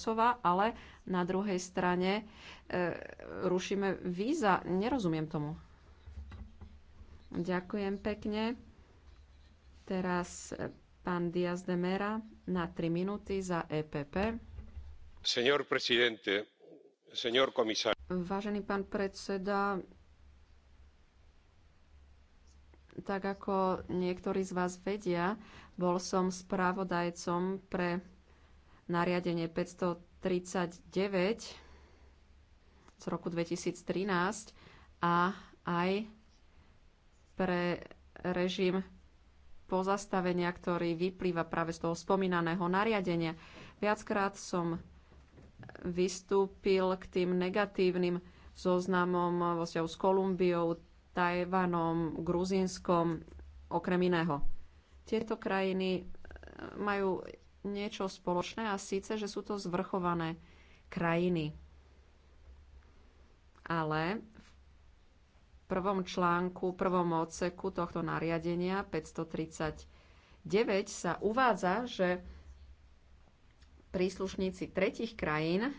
Kosova, ale na druhej strane e, rušíme víza. Nerozumiem tomu. Ďakujem pekne. Teraz e, pán Diaz de Mera na 3 minúty za EPP. Señor presidente, señor komisár. Vážený pán predseda, tak ako niektorí z vás vedia, bol som spravodajcom pre nariadenie 539 z roku 2013 a aj pre režim pozastavenia, ktorý vyplýva práve z toho spomínaného nariadenia. Viackrát som vystúpil k tým negatívnym zoznamom vo vzťahu s Kolumbiou, Tajvanom, Gruzínskom, okrem iného. Tieto krajiny majú niečo spoločné a síce, že sú to zvrchované krajiny. Ale v prvom článku, prvom odseku tohto nariadenia 539 sa uvádza, že príslušníci tretich krajín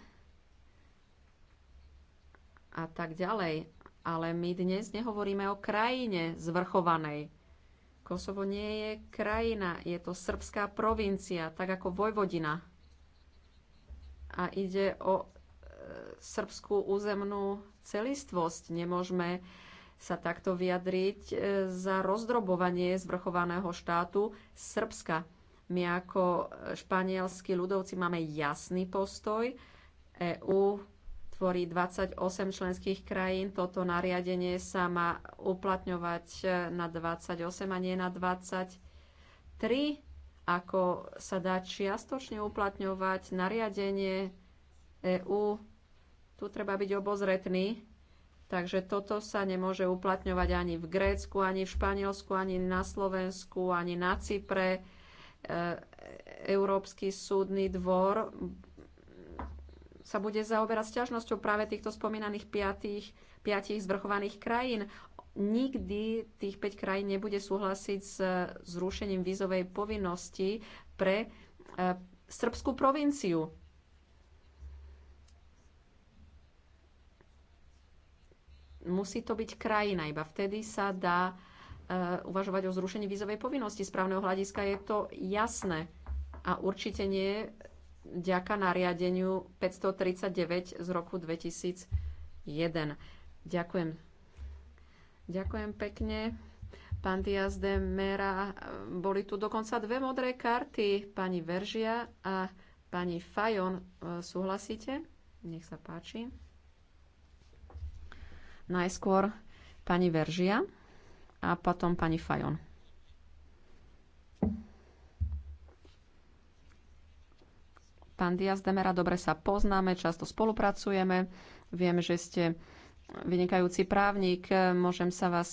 a tak ďalej. Ale my dnes nehovoríme o krajine zvrchovanej Kosovo nie je krajina, je to srbská provincia, tak ako Vojvodina. A ide o e, srbskú územnú celistvosť. Nemôžeme sa takto vyjadriť e, za rozdrobovanie zvrchovaného štátu Srbska. My ako španielskí ľudovci máme jasný postoj. EU tvorí 28 členských krajín. Toto nariadenie sa má uplatňovať eh, na 28 a nie na 23 ako sa dá čiastočne uplatňovať nariadenie EÚ. Tu treba byť obozretný, takže toto sa nemôže uplatňovať ani v Grécku, ani v Španielsku, ani na Slovensku, ani na Cypre. Eh, Európsky súdny dvor sa bude zaoberať sťažnosťou práve týchto spomínaných piatých, piatich zvrchovaných krajín. Nikdy tých 5 krajín nebude súhlasiť s zrušením vízovej povinnosti pre e, srbskú provinciu. Musí to byť krajina, iba vtedy sa dá e, uvažovať o zrušení vízovej povinnosti. Z právneho hľadiska je to jasné a určite nie vďaka nariadeniu 539 z roku 2001. Ďakujem. Ďakujem pekne. Pán Diaz de Mera, boli tu dokonca dve modré karty, pani Veržia a pani Fajon. Súhlasíte? Nech sa páči. Najskôr pani Veržia a potom pani Fajon. Pán Diaz Demera, dobre sa poznáme, často spolupracujeme. Viem, že ste vynikajúci právnik. Môžem sa vás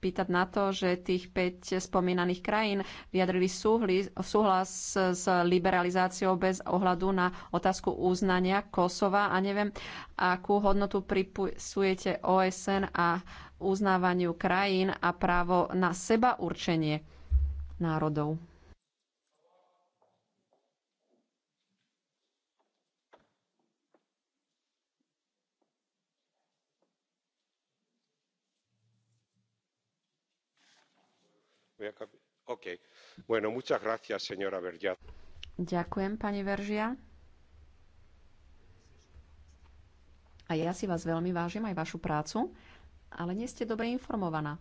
pýtať na to, že tých 5 spomínaných krajín vyjadrili súhli, súhlas s liberalizáciou bez ohľadu na otázku uznania Kosova a neviem, akú hodnotu pripisujete OSN a uznávaniu krajín a právo na seba určenie národov. Ďakujem, pani Veržia. A ja si vás veľmi vážim, aj vašu prácu, ale nie ste dobre informovaná.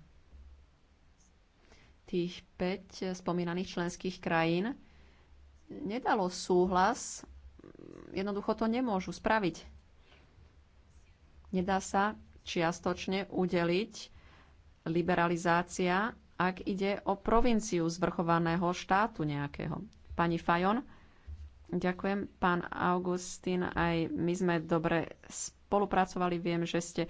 Tých 5 spomínaných členských krajín nedalo súhlas, jednoducho to nemôžu spraviť. Nedá sa čiastočne udeliť liberalizácia ak ide o provinciu zvrchovaného štátu nejakého. Pani Fajon, ďakujem. Pán Augustín, aj my sme dobre spolupracovali. Viem, že ste e,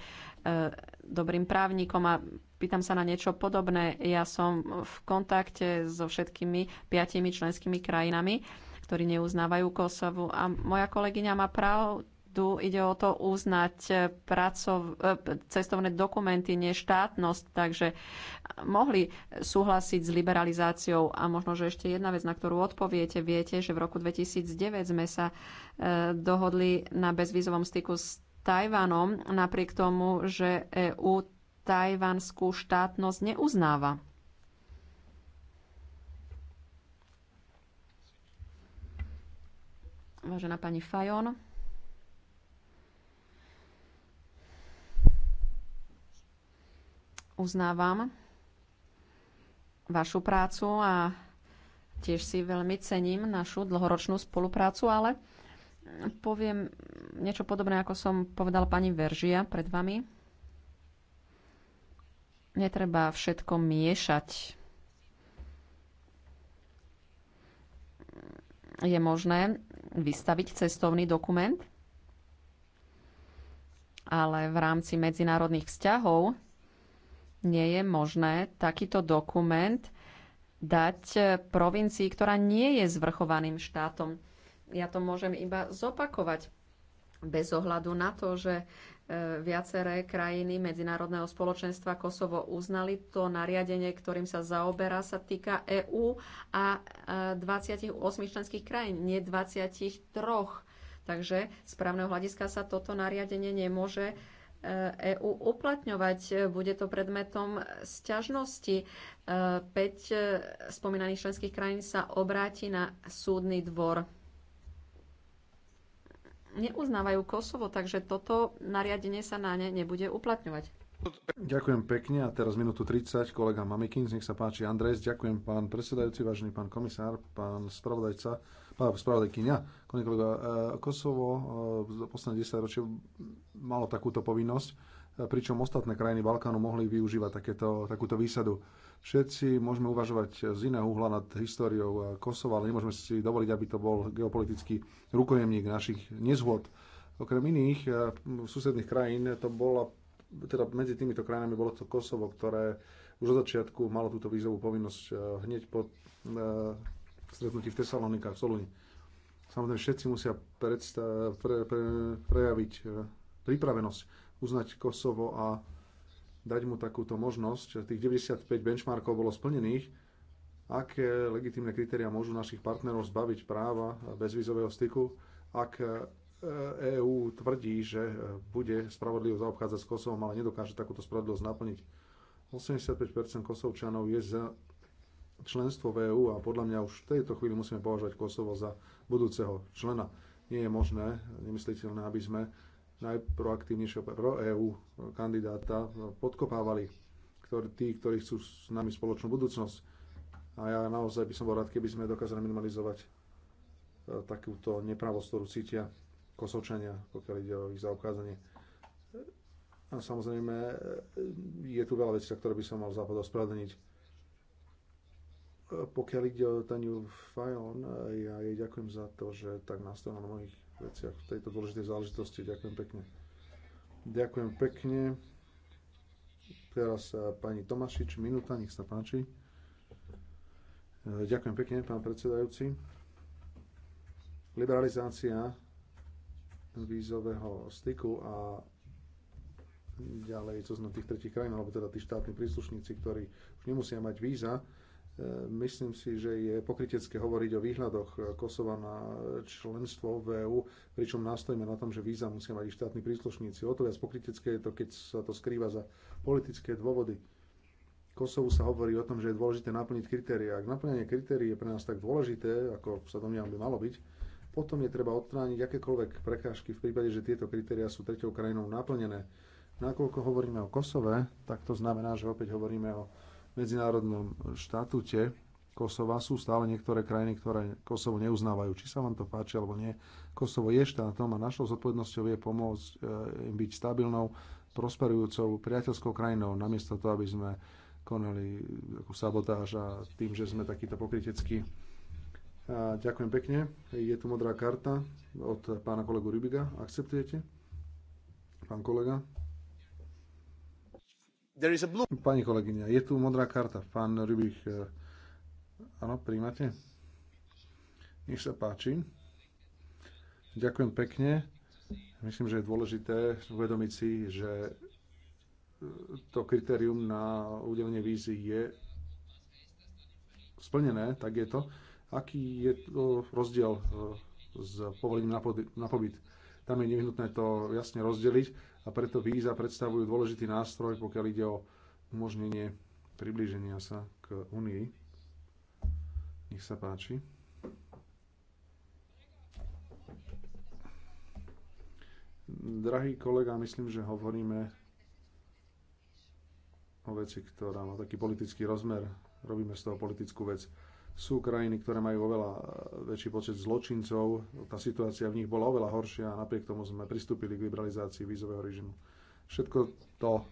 dobrým právnikom a pýtam sa na niečo podobné. Ja som v kontakte so všetkými piatimi členskými krajinami ktorí neuznávajú Kosovu. A moja kolegyňa má prav, tu ide o to uznať eh, pracov, eh, cestovné dokumenty, nie štátnosť, takže mohli súhlasiť s liberalizáciou. A možno, že ešte jedna vec, na ktorú odpoviete, viete, že v roku 2009 sme sa eh, dohodli na bezvízovom styku s Tajvanom, napriek tomu, že EU tajvanskú štátnosť neuznáva. Vážená pani Fajon. uznávam vašu prácu a tiež si veľmi cením našu dlhoročnú spoluprácu, ale poviem niečo podobné, ako som povedal pani Veržia pred vami. Netreba všetko miešať. Je možné vystaviť cestovný dokument, ale v rámci medzinárodných vzťahov nie je možné takýto dokument dať eh, provincii, ktorá nie je zvrchovaným štátom. Ja to môžem iba zopakovať bez ohľadu na to, že eh, viaceré krajiny medzinárodného spoločenstva Kosovo uznali. To nariadenie, ktorým sa zaoberá, sa týka EÚ a 28 eh, členských krajín, nie 23. Takže z právneho hľadiska sa toto nariadenie nemôže EÚ eh, e uplatňovať. Eh, bude to predmetom sťažnosti. 5 eh, spomínaných členských krajín sa obráti na súdny dvor. Neuznávajú Kosovo, takže toto nariadenie sa na ne nebude uplatňovať. Ďakujem pekne a teraz minútu 30, kolega Mamikins, nech sa páči. Andres, ďakujem pán predsedajúci, vážený pán komisár, pán spravodajca spravodajkyňa, kolega eh, Kosovo eh, za posledné 10 ročie malo takúto povinnosť, eh, pričom ostatné krajiny Balkánu mohli využívať takéto, takúto výsadu. Všetci môžeme uvažovať z iného uhla nad históriou Kosova, ale nemôžeme si dovoliť, aby to bol geopolitický rukojemník našich nezhod. Okrem iných susedných krajín to bola, teda medzi týmito krajinami bolo to Kosovo, ktoré už od začiatku malo túto vízovú povinnosť hneď po stretnutí v Tesalonikách, v Soluni. Samozrejme, všetci musia predsta- pre, pre, prejaviť e, pripravenosť, uznať Kosovo a dať mu takúto možnosť. Tých 95 benchmarkov bolo splnených. Aké legitímne kritéria môžu našich partnerov zbaviť práva bezvízového styku, ak EÚ e tvrdí, že e, bude spravodlivo zaobchádzať s Kosovom, ale nedokáže takúto spravodlivosť naplniť. 85% Kosovčanov je za členstvo v EÚ a podľa mňa už v tejto chvíli musíme považovať Kosovo za budúceho člena. Nie je možné, nemysliteľné, aby sme najproaktívnejšieho pro EÚ kandidáta podkopávali ktorý, tí, ktorí chcú s nami spoločnú budúcnosť. A ja naozaj by som bol rád, keby sme dokázali minimalizovať e, takúto nepravosť, ktorú cítia kosovčania, pokiaľ ide o ich zaobchádzanie. A samozrejme, e, je tu veľa vecí, ktoré by som mal západ ospravedlniť pokiaľ ide o Taniu Fajon, eh, ja jej ďakujem za to, že tak nastavila na mnohých veciach v tejto dôležitej záležitosti. Ďakujem pekne. Ďakujem pekne. Teraz eh, pani Tomašič, minúta, nech sa páči. Eh, ďakujem pekne, pán predsedajúci. Liberalizácia vízového styku a ďalej, co znamená tých tretich krajín, alebo teda tí štátni príslušníci, ktorí už nemusia mať víza, E, myslím si, že je pokrytecké hovoriť o výhľadoch e, Kosova na členstvo v EÚ, pričom nastojíme na tom, že víza musia mať štátni príslušníci. O to viac pokrytecké je to, keď sa to skrýva za politické dôvody. Kosovu sa hovorí o tom, že je dôležité naplniť kritéria. Ak naplňanie kritérií je pre nás tak dôležité, ako sa domnievam by malo byť, potom je treba odstrániť akékoľvek prekážky v prípade, že tieto kritéria sú tretou krajinou naplnené. Nakoľko hovoríme o Kosove, tak to znamená, že opäť hovoríme o medzinárodnom štatúte Kosova sú stále niektoré krajiny, ktoré Kosovo neuznávajú. Či sa vám to páči alebo nie, Kosovo je štátom a našou zodpovednosťou je pomôcť e, im byť stabilnou, prosperujúcou, priateľskou krajinou, namiesto toho, aby sme konali takú sabotáž a tým, že sme takýto pokritecký. A ďakujem pekne. Je tu modrá karta od pána kolegu Rybiga. Akceptujete? Pán kolega. Blue... Pani kolegyňa, je tu modrá karta. Pán Rybich, eh, áno, príjmate? Nech sa páči. Ďakujem pekne. Myslím, že je dôležité uvedomiť si, že eh, to kritérium na udelenie vízy je splnené, tak je to. Aký je to rozdiel eh, s povolením na pobyt? Tam je nevyhnutné to jasne rozdeliť a preto víza predstavujú dôležitý nástroj, pokiaľ ide o umožnenie priblíženia sa k Unii. Nech sa páči. Drahý kolega, myslím, že hovoríme o veci, ktorá má taký politický rozmer. Robíme z toho politickú vec. Sú krajiny, ktoré majú oveľa e, väčší počet zločincov, tá situácia v nich bola oveľa horšia a napriek tomu sme pristúpili k liberalizácii vízového režimu. Všetko to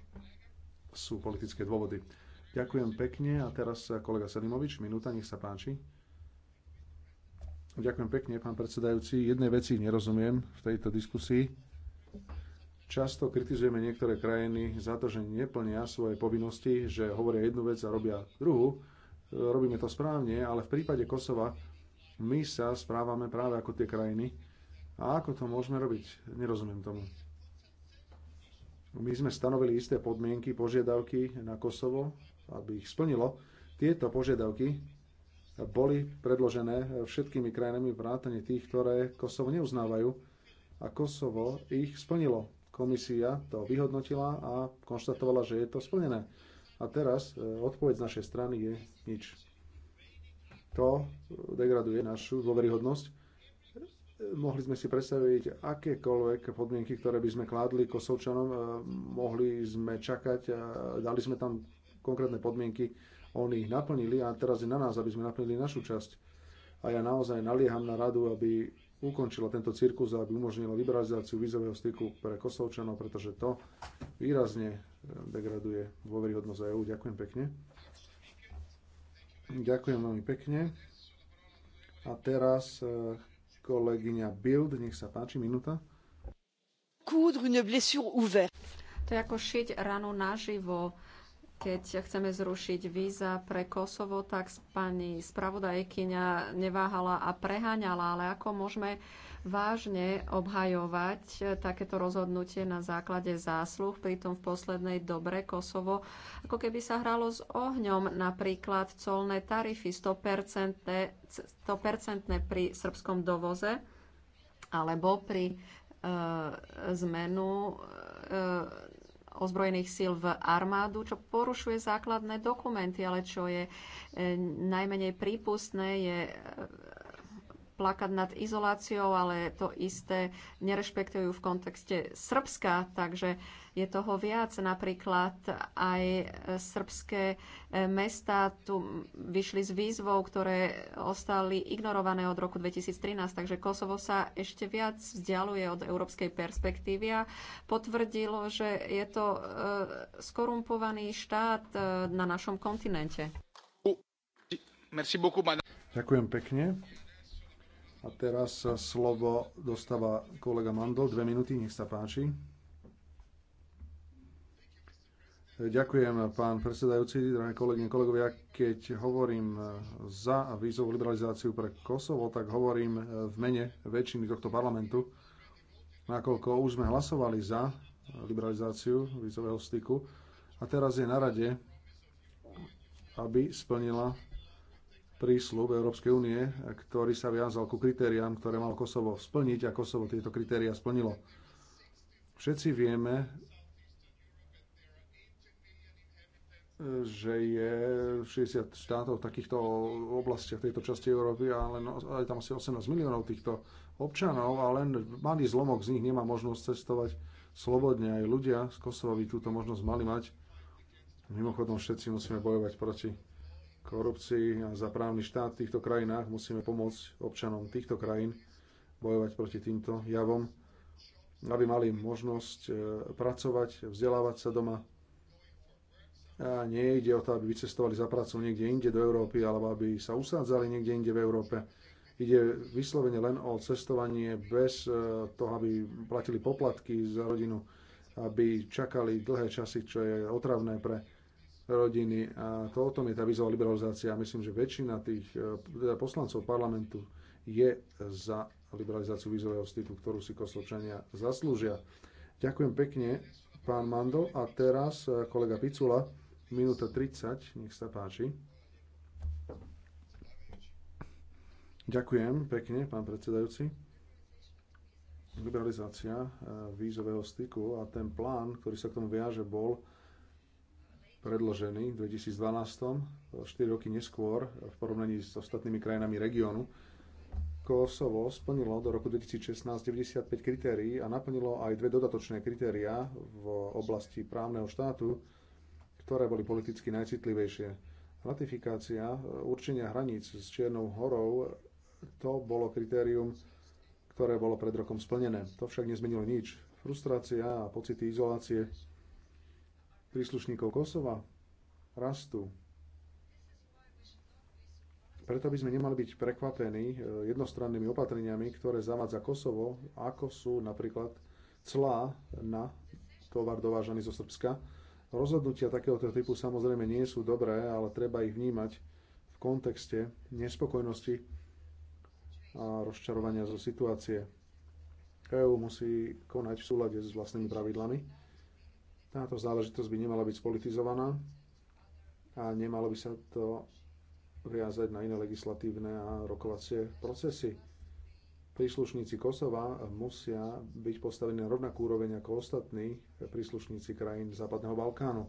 sú politické dôvody. Ďakujem pekne a teraz kolega Selimovič, minúta, nech sa páči. Ďakujem pekne, pán predsedajúci. Jednej veci nerozumiem v tejto diskusii. Často kritizujeme niektoré krajiny za to, že neplnia svoje povinnosti, že hovoria jednu vec a robia druhú robíme to správne, ale v prípade Kosova my sa správame práve ako tie krajiny. A ako to môžeme robiť? Nerozumiem tomu. My sme stanovili isté podmienky, požiadavky na Kosovo, aby ich splnilo. Tieto požiadavky boli predložené všetkými krajinami vrátane tých, ktoré Kosovo neuznávajú. A Kosovo ich splnilo. Komisia to vyhodnotila a konštatovala, že je to splnené. A teraz e, odpoveď z našej strany je nič. To degraduje našu dôveryhodnosť. Mohli sme si predstaviť akékoľvek podmienky, ktoré by sme kládli Kosovčanom. E, mohli sme čakať, e, dali sme tam konkrétne podmienky, oni ich naplnili a teraz je na nás, aby sme naplnili našu časť. A ja naozaj nalieham na radu, aby ukončila tento cirkus a aby umožnila liberalizáciu vízového styku pre Kosovčanov, pretože to výrazne eh, degraduje dôveryhodnosť EÚ. Ďakujem pekne. Ďakujem veľmi pekne. A teraz eh, kolegyňa Bild, nech sa páči, minúta. Coudre une blessure ouverte. To je ako šiť ranu naživo keď chceme zrušiť víza pre Kosovo, tak pani spravodajkyňa neváhala a preháňala, ale ako môžeme vážne obhajovať eh, takéto rozhodnutie na základe zásluh, pritom v poslednej dobre Kosovo ako keby sa hralo s ohňom, napríklad colné tarify 100%, 100% pri srbskom dovoze alebo pri eh, zmenu eh, ozbrojených síl v armádu, čo porušuje základné dokumenty, ale čo je e, najmenej prípustné, je e, plakať nad izoláciou, ale to isté nerešpektujú v kontexte Srbska, takže je toho viac. Napríklad aj srbské mesta tu vyšli s výzvou, ktoré ostali ignorované od roku 2013, takže Kosovo sa ešte viac vzdialuje od európskej perspektívy a potvrdilo, že je to e, skorumpovaný štát e, na našom kontinente. Ďakujem pekne. A teraz slovo dostáva kolega Mandl. Dve minúty, nech sa páči. Ďakujem, pán predsedajúci, drahé kolegyne, kolegovia. Keď hovorím za vízovú liberalizáciu pre Kosovo, tak hovorím v mene väčšiny tohto parlamentu, nakoľko už sme hlasovali za liberalizáciu vízového styku a teraz je na rade, aby splnila prísľub Európskej únie, ktorý sa viazal ku kritériám, ktoré mal Kosovo splniť a Kosovo tieto kritéria splnilo. Všetci vieme, že je 60 štátov v takýchto oblastiach, v tejto časti Európy a len aj tam asi 18 miliónov týchto občanov a len malý zlomok z nich nemá možnosť cestovať slobodne. Aj ľudia z Kosova by túto možnosť mali mať. Mimochodom všetci musíme bojovať proti korupcii a za právny štát v týchto krajinách. Musíme pomôcť občanom týchto krajín bojovať proti týmto javom, aby mali možnosť e, pracovať, vzdelávať sa doma. A nie ide o to, aby vycestovali za prácu niekde inde do Európy, alebo aby sa usádzali niekde inde v Európe. Ide vyslovene len o cestovanie bez e, toho, aby platili poplatky za rodinu, aby čakali dlhé časy, čo je otravné pre rodiny. A to o tom je tá vízová liberalizácia. Myslím, že väčšina tých e, teda poslancov parlamentu je za liberalizáciu vízového styku, ktorú si kosovčania zaslúžia. Ďakujem pekne, pán Mandl. A teraz e, kolega Picula, minúta 30, nech sa páči. Ďakujem pekne, pán predsedajúci. Liberalizácia e, vízového styku a ten plán, ktorý sa k tomu viaže, bol predložený v 2012, 4 roky neskôr v porovnaní s ostatnými krajinami regiónu. Kosovo splnilo do roku 2016 95 kritérií a naplnilo aj dve dodatočné kritériá v oblasti právneho štátu, ktoré boli politicky najcitlivejšie. Ratifikácia e, určenia hraníc s Čiernou horou to bolo kritérium, ktoré bolo pred rokom splnené. To však nezmenilo nič. Frustrácia a pocity izolácie príslušníkov Kosova rastú. Preto by sme nemali byť prekvapení e, jednostrannými opatreniami, ktoré zavádza Kosovo, ako sú napríklad clá na tovar dovážaný zo Srbska. Rozhodnutia takéhoto typu samozrejme nie sú dobré, ale treba ich vnímať v kontexte nespokojnosti a rozčarovania zo situácie. EÚ musí konať v súlade s vlastnými pravidlami táto záležitosť by nemala byť spolitizovaná a nemalo by sa to viazať na iné legislatívne a rokovacie procesy. Príslušníci Kosova musia byť postavení na rovnakú úroveň ako ostatní príslušníci krajín Západného Balkánu.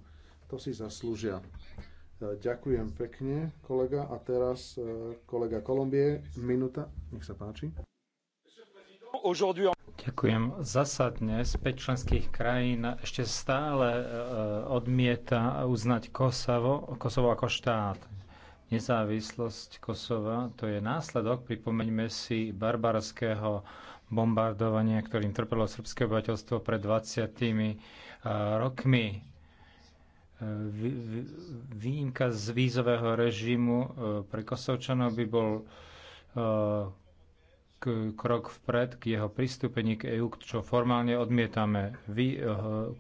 To si zaslúžia. Ďakujem pekne, kolega. A teraz eh, kolega Kolumbie, minúta, nech sa páči. Ďakujem. Zásadne z 5 členských krajín ešte stále e, odmieta uznať Kosovo, Kosovo ako štát. Nezávislosť Kosova to je následok, pripomeňme si, barbarského bombardovania, ktorým trpelo srbské obyvateľstvo pred 20 e, rokmi. E, Výnimka z vízového režimu pre Kosovčanov by bol krok vpred k jeho pristúpení k EÚ, čo formálne odmietame. Vy, eh,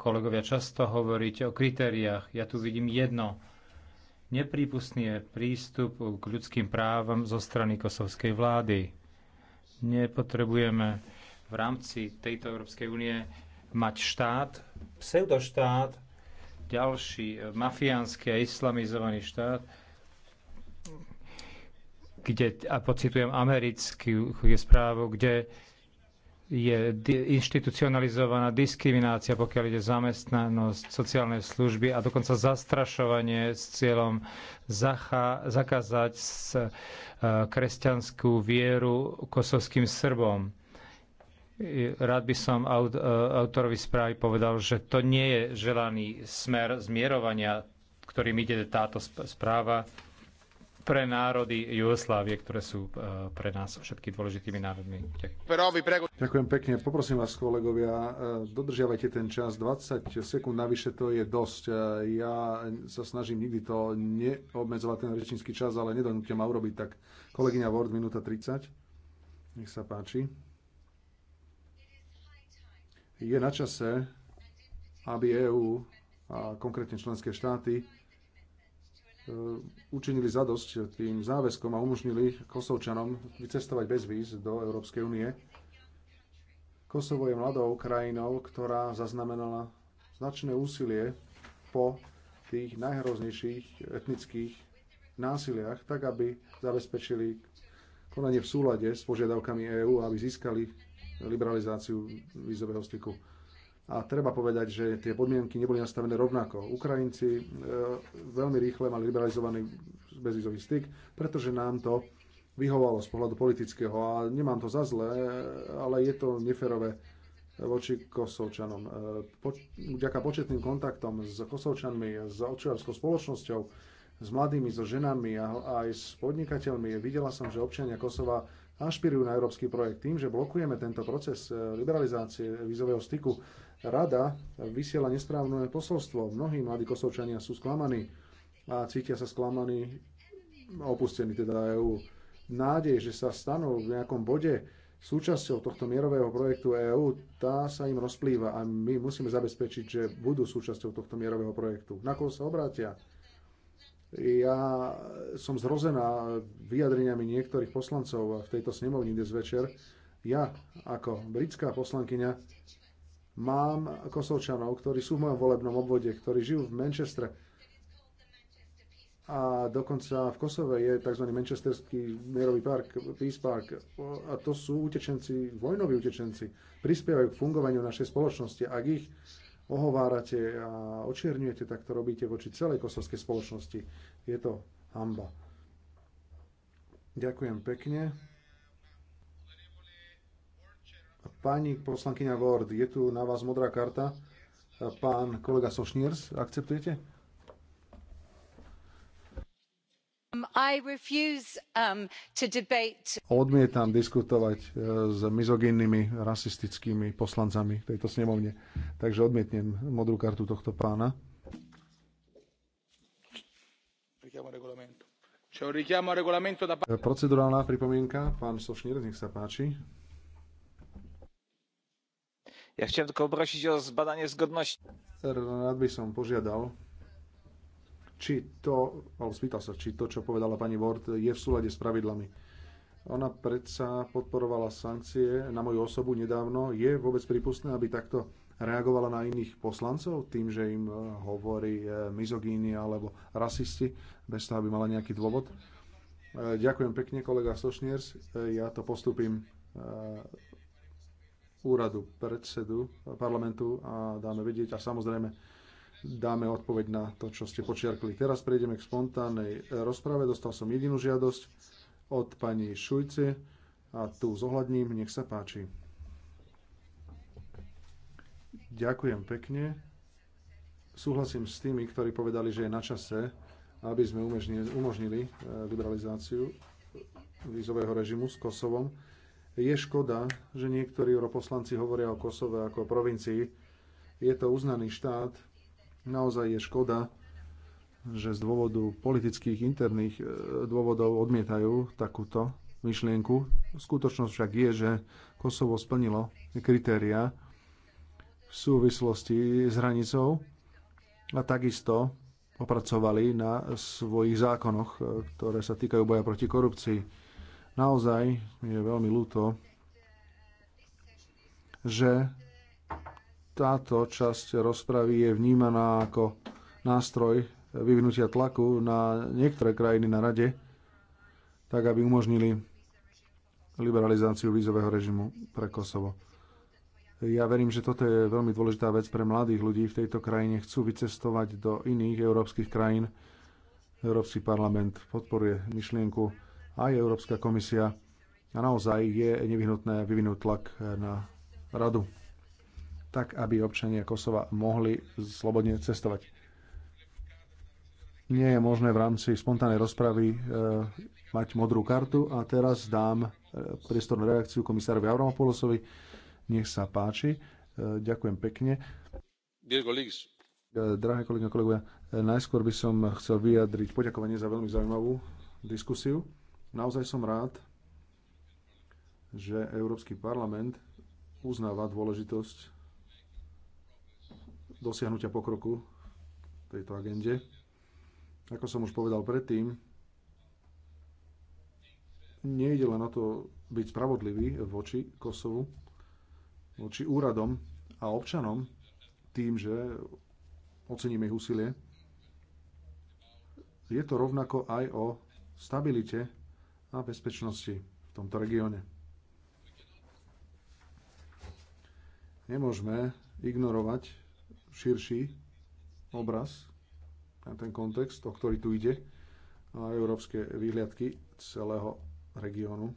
kolegovia, často hovoríte o kritériách. Ja tu vidím jedno. Neprípustný je prístup k ľudským právam zo strany kosovskej vlády. Nepotrebujeme v rámci tejto Európskej únie mať štát, pseudoštát, ďalší eh, mafiánsky a islamizovaný štát, kde, a pocitujem americkú správu, kde je inštitucionalizovaná diskriminácia, pokiaľ ide zamestnanosť, sociálne služby a dokonca zastrašovanie s cieľom zacha- zakázať s, e, kresťanskú vieru kosovským Srbom. Rád by som aut- e, autorovi správy povedal, že to nie je želaný smer zmierovania, ktorým ide táto správa pre národy Jugoslávie, ktoré sú e, pre nás všetky dôležitými národmi. Ďakujem pekne. Poprosím vás, kolegovia, e, dodržiavajte ten čas. 20 sekúnd navyše to je dosť. E, ja sa snažím nikdy to neobmedzovať ten rečnícky čas, ale nedonúte ma urobiť tak. Kolegyňa Ward, minúta 30. Nech sa páči. Je na čase, aby EÚ a konkrétne členské štáty E, učinili zadosť tým záväzkom a umožnili Kosovčanom vycestovať bez víz do Európskej únie. Kosovo je mladou krajinou, ktorá zaznamenala značné úsilie po tých najhroznejších etnických násiliach, tak aby zabezpečili konanie v súlade s požiadavkami EÚ, aby získali liberalizáciu vízového styku. A treba povedať, že tie podmienky neboli nastavené rovnako. Ukrajinci e, veľmi rýchle mali liberalizovaný bezvizový styk, pretože nám to vyhovalo z pohľadu politického a nemám to za zlé, ale je to neferové voči Kosovčanom. E, po, vďaka početným kontaktom s Kosovčanmi, s občianskou spoločnosťou, s mladými, so ženami a aj s podnikateľmi videla som, že občania Kosova ašpirujú na európsky projekt tým, že blokujeme tento proces e, liberalizácie vízového styku Rada vysiela nesprávne posolstvo. Mnohí mladí kosovčania sú sklamaní a cítia sa sklamaní, opustení teda EÚ. Nádej, že sa stanú v nejakom bode súčasťou tohto mierového projektu EÚ, tá sa im rozplýva a my musíme zabezpečiť, že budú súčasťou tohto mierového projektu. Na koho sa obrátia? Ja som zrozená vyjadreniami niektorých poslancov v tejto snemovni dnes večer. Ja ako britská poslankyňa Mám kosovčanov, ktorí sú v mojom volebnom obvode, ktorí žijú v Manchestre a dokonca v Kosove je tzv. Manchesterský mierový park, Peace Park a to sú utečenci, vojnoví utečenci, prispievajú k fungovaniu našej spoločnosti. Ak ich ohovárate a očierňujete, tak to robíte voči celej kosovskej spoločnosti. Je to hamba. Ďakujem pekne. Pani poslankyňa Lord, je tu na vás modrá karta. Pán kolega Sošniers, akceptujete? Um, um, Odmietam diskutovať e, s mizogynnými, rasistickými poslancami tejto snemovne. Takže odmietnem modrú kartu tohto pána. E, procedurálna pripomienka, pán Sošnier, nech sa páči. Ja chciałem tylko prosiť o zbadanie zgodnosti. Rád by som požiadal, či to, alebo spýtal sa, či to, čo povedala pani Ward, je v súlade s pravidlami. Ona predsa podporovala sankcie na moju osobu nedávno. Je vôbec prípustné, aby takto reagovala na iných poslancov tým, že im eh, hovorí eh, mizogíny alebo rasisti, bez toho, aby mala nejaký dôvod. Eh, ďakujem pekne, kolega Sošniers. Ja to postupím úradu predsedu parlamentu a dáme vedieť a samozrejme dáme odpoveď na to, čo ste počiarkli. Teraz prejdeme k spontánnej rozprave. Dostal som jedinú žiadosť od pani Šujce a tu zohľadním. Nech sa páči. Ďakujem pekne. Súhlasím s tými, ktorí povedali, že je na čase, aby sme umožnili e, liberalizáciu vízového režimu s Kosovom je škoda, že niektorí europoslanci hovoria o Kosove ako o provincii. Je to uznaný štát. Naozaj je škoda, že z dôvodu politických interných e, dôvodov odmietajú takúto myšlienku. Skutočnosť však je, že Kosovo splnilo kritéria v súvislosti s hranicou a takisto opracovali na svojich zákonoch, e, ktoré sa týkajú boja proti korupcii. Naozaj je veľmi ľúto, že táto časť rozpravy je vnímaná ako nástroj vyvinutia tlaku na niektoré krajiny na rade, tak aby umožnili liberalizáciu vízového režimu pre Kosovo. Ja verím, že toto je veľmi dôležitá vec pre mladých ľudí v tejto krajine. Chcú vycestovať do iných európskych krajín. Európsky parlament podporuje myšlienku aj Európska komisia. A naozaj je nevyhnutné vyvinúť tlak na radu, tak aby občania Kosova mohli slobodne cestovať. Nie je možné v rámci spontánnej rozpravy e, mať modrú kartu a teraz dám e, priestor na reakciu komisárovi Avramopoulosovi. Nech sa páči. E, ďakujem pekne. E, drahé kolegyne a kolegovia, e, najskôr by som chcel vyjadriť poďakovanie za veľmi zaujímavú diskusiu. Naozaj som rád, že Európsky parlament uznáva dôležitosť dosiahnutia pokroku v tejto agende. Ako som už povedal predtým, nejde len na to byť spravodlivý voči Kosovu, voči úradom a občanom tým, že oceníme ich úsilie. Je to rovnako aj o stabilite a bezpečnosti v tomto regióne. Nemôžeme ignorovať širší obraz a ten kontext, o ktorý tu ide, a európske výhľadky celého regiónu.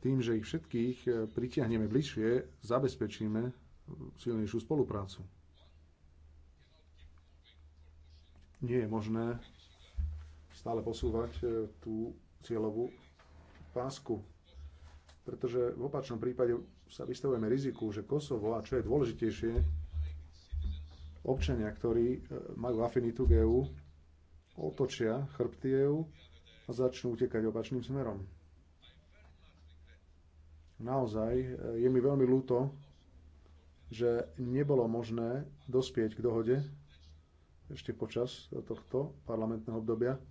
Tým, že ich všetkých pritiahneme bližšie, zabezpečíme silnejšiu spoluprácu. Nie je možné stále posúvať e, tú cieľovú pásku. Pretože v opačnom prípade sa vystavujeme riziku, že Kosovo, a čo je dôležitejšie, občania, ktorí e, majú afinitu k EU, otočia chrbty EU a začnú utekať opačným smerom. Naozaj e, je mi veľmi ľúto, že nebolo možné dospieť k dohode ešte počas tohto parlamentného obdobia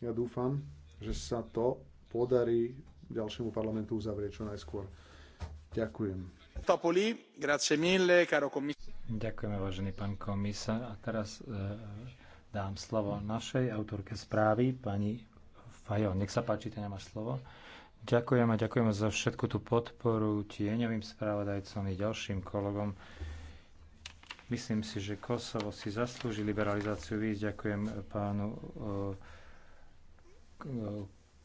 ja dúfam, že sa to podarí ďalšiemu parlamentu uzavrieť čo najskôr. Ďakujem. Topoli, grazie mille, caro Ďakujeme, vážený pán komisár. A teraz e, dám slovo našej autorke správy, pani Fajon. Nech sa páči, ten máš slovo. Ďakujem a ďakujeme za všetku tú podporu tieňovým správodajcom i ďalším kolegom. Myslím si, že Kosovo si zaslúži liberalizáciu víz. Ďakujem pánu e,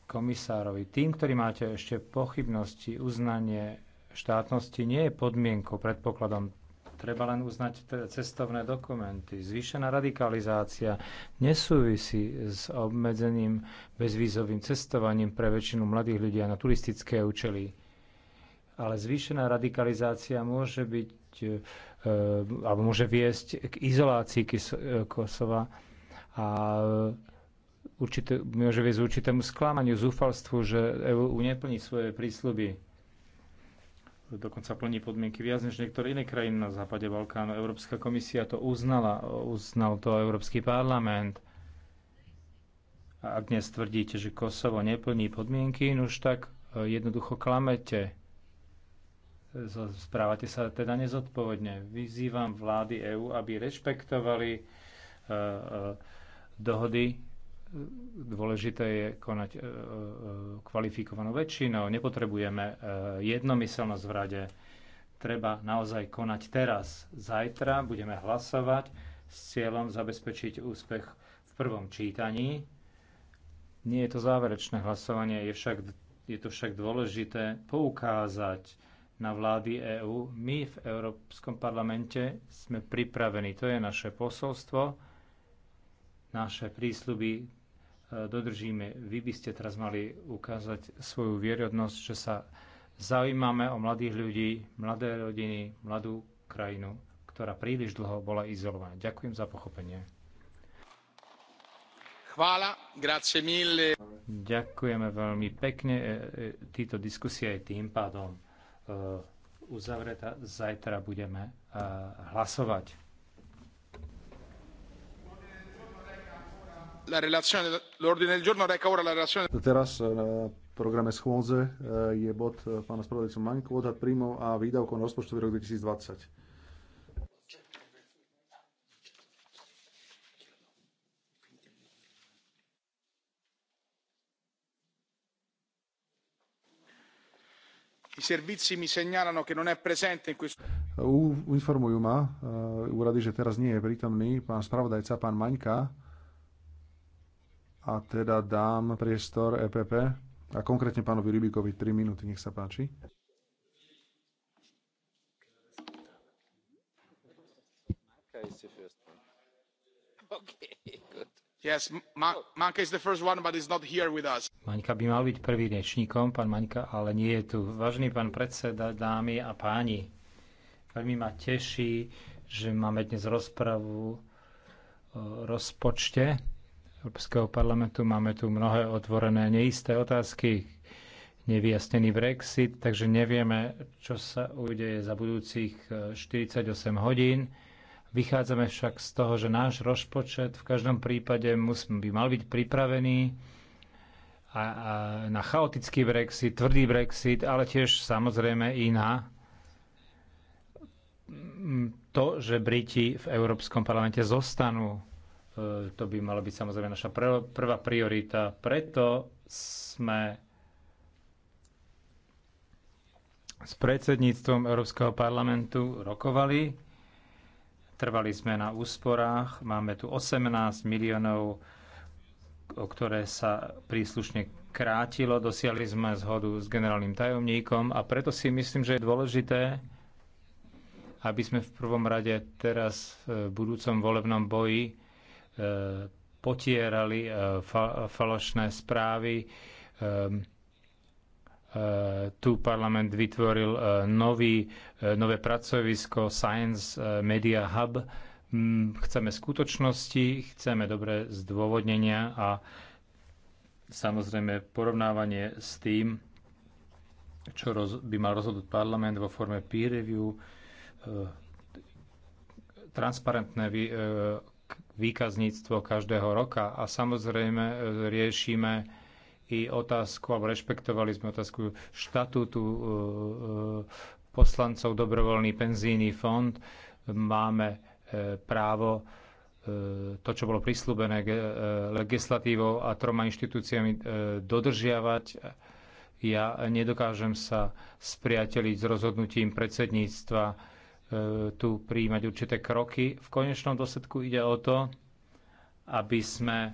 komisárovi. Tým, ktorí máte ešte pochybnosti, uznanie štátnosti nie je podmienkou, predpokladom. Treba len uznať cestovné dokumenty. Zvýšená radikalizácia nesúvisí s obmedzeným bezvízovým cestovaním pre väčšinu mladých ľudí na turistické účely. Ale zvýšená radikalizácia môže byť e, e, alebo môže viesť k izolácii e, Kosova a určité, môže viesť určitému sklamaniu, zúfalstvu, že EÚ neplní svoje prísľuby. Dokonca plní podmienky viac než niektoré iné krajiny na západe Balkánu. Európska komisia to uznala, uznal to Európsky parlament. A ak dnes tvrdíte, že Kosovo neplní podmienky, no už tak e, jednoducho klamete. Správate sa teda nezodpovedne. Vyzývam vlády EÚ, aby rešpektovali e, e, dohody dôležité je konať e, e, kvalifikovanú väčšinou. Nepotrebujeme e, jednomyselnosť v rade. Treba naozaj konať teraz. Zajtra budeme hlasovať s cieľom zabezpečiť úspech v prvom čítaní. Nie je to záverečné hlasovanie, je, však, je to však dôležité poukázať na vlády EÚ. My v Európskom parlamente sme pripravení. To je naše posolstvo naše prísľuby e, dodržíme. Vy by ste teraz mali ukázať svoju vierodnosť, že sa zaujímame o mladých ľudí, mladé rodiny, mladú krajinu, ktorá príliš dlho bola izolovaná. Ďakujem za pochopenie. Chvála, grazie mille. Ďakujeme veľmi pekne. E, e, títo diskusia je tým pádom uzavretá. Zajtra budeme hlasovať. Teraz eh, na programe schôdze eh, je bod eh, pána spravodajcu Maňku odhad príjmov a výdavkov na rozpočtový rok 2020. Informujú ma úrady, že teraz nie je prítomný pán spravodajca, pán Maňka. A teda dám priestor EPP a konkrétne pánovi Rybíkovi 3 minúty, nech sa páči. Manka Maňka by mal byť prvý rečníkom, pán Maňka, ale nie je tu. Vážený pán predseda, dámy a páni, veľmi ma teší, že máme dnes rozpravu o rozpočte Európskeho parlamentu. Máme tu mnohé otvorené neisté otázky, nevyjasnený Brexit, takže nevieme, čo sa udeje za budúcich 48 e, hodín. Vychádzame však z toho, že náš rozpočet v každom prípade mus, by mal byť pripravený a, a na chaotický Brexit, tvrdý Brexit, ale tiež samozrejme i na to, že Briti v Európskom parlamente zostanú E, to by mala byť samozrejme naša prvá priorita. Preto sme s predsedníctvom Európskeho parlamentu rokovali. Trvali sme na úsporách. Máme tu 18 miliónov, o ktoré sa príslušne krátilo. Dosiali sme zhodu s generálnym tajomníkom a preto si myslím, že je dôležité, aby sme v prvom rade teraz e, v budúcom volebnom boji E, potierali e, falošné správy. E, tu parlament vytvoril nový, nové pracovisko Science Media Hub. Chceme skutočnosti, chceme dobré zdôvodnenia a samozrejme porovnávanie s tým, čo roz, by mal rozhodnúť parlament vo forme peer review, transparentné výkazníctvo každého roka a samozrejme e, riešime i otázku, alebo rešpektovali sme otázku štatútu e, e, poslancov dobrovoľný penzíny fond. Máme právo to, čo bolo prislúbené legislatívou a troma inštitúciami dodržiavať. Ja nedokážem sa spriateliť s rozhodnutím predsedníctva E, tu príjmať určité kroky. V konečnom dôsledku ide o to, aby sme e,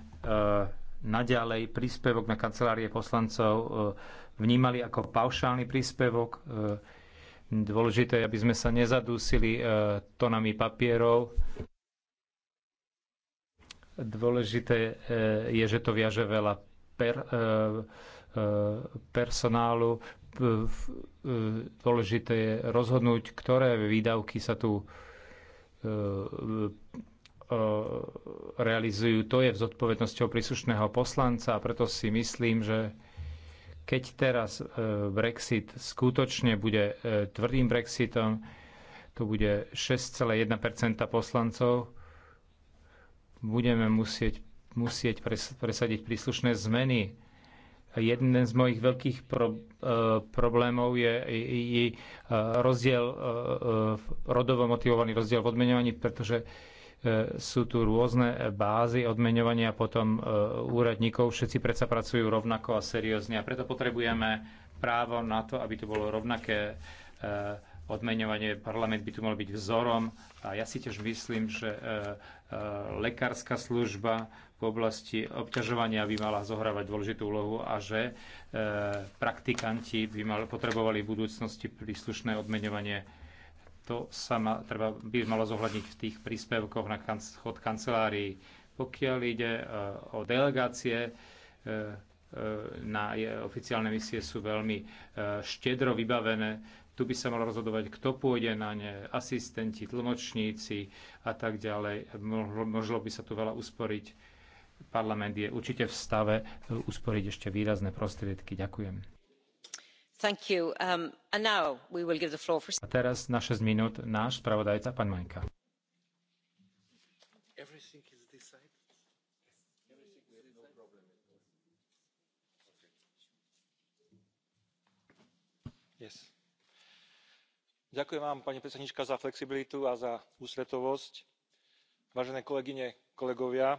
naďalej príspevok na kancelárie poslancov e, vnímali ako paušálny príspevok. Dôležité je, aby sme sa nezadúsili tonami papierov. Dôležité je, že to viaže veľa per, personálu dôležité je rozhodnúť, ktoré výdavky sa tu e, e, realizujú. To je v zodpovednosťou príslušného poslanca a preto si myslím, že keď teraz e, Brexit skutočne bude tvrdým Brexitom, to bude 6,1 poslancov, budeme musieť, musieť presadiť príslušné zmeny Jeden z mojich veľkých pro, e, problémov je, je e, rozdiel, e, rodovo motivovaný rozdiel v odmeňovaní, pretože sú tu rôzne bázy odmeňovania potom úradníkov. Všetci predsa pracujú rovnako a seriózne a preto potrebujeme právo na to, aby to bolo rovnaké odmeňovanie. Parlament by tu mal byť vzorom a ja si tiež myslím, že lekárska služba v oblasti obťažovania by mala zohrávať dôležitú úlohu a že e, praktikanti by mal, potrebovali v budúcnosti príslušné odmeňovanie. To sa ma, treba, by malo zohľadniť v tých príspevkoch na kanc, chod kancelárií. Pokiaľ ide e, o delegácie, e, na oficiálne misie sú veľmi štedro vybavené. Tu by sa malo rozhodovať, kto pôjde na ne, asistenti, tlmočníci a tak ďalej. Možlo by sa tu veľa usporiť parlament je určite v stave e, usporiť ešte výrazné prostriedky. Ďakujem. Um, a teraz na 6 minút náš spravodajca, pán Majka. Yes. ďakujem vám pani predsedníčka za flexibilitu a za ústretovosť. vážené kolegyne kolegovia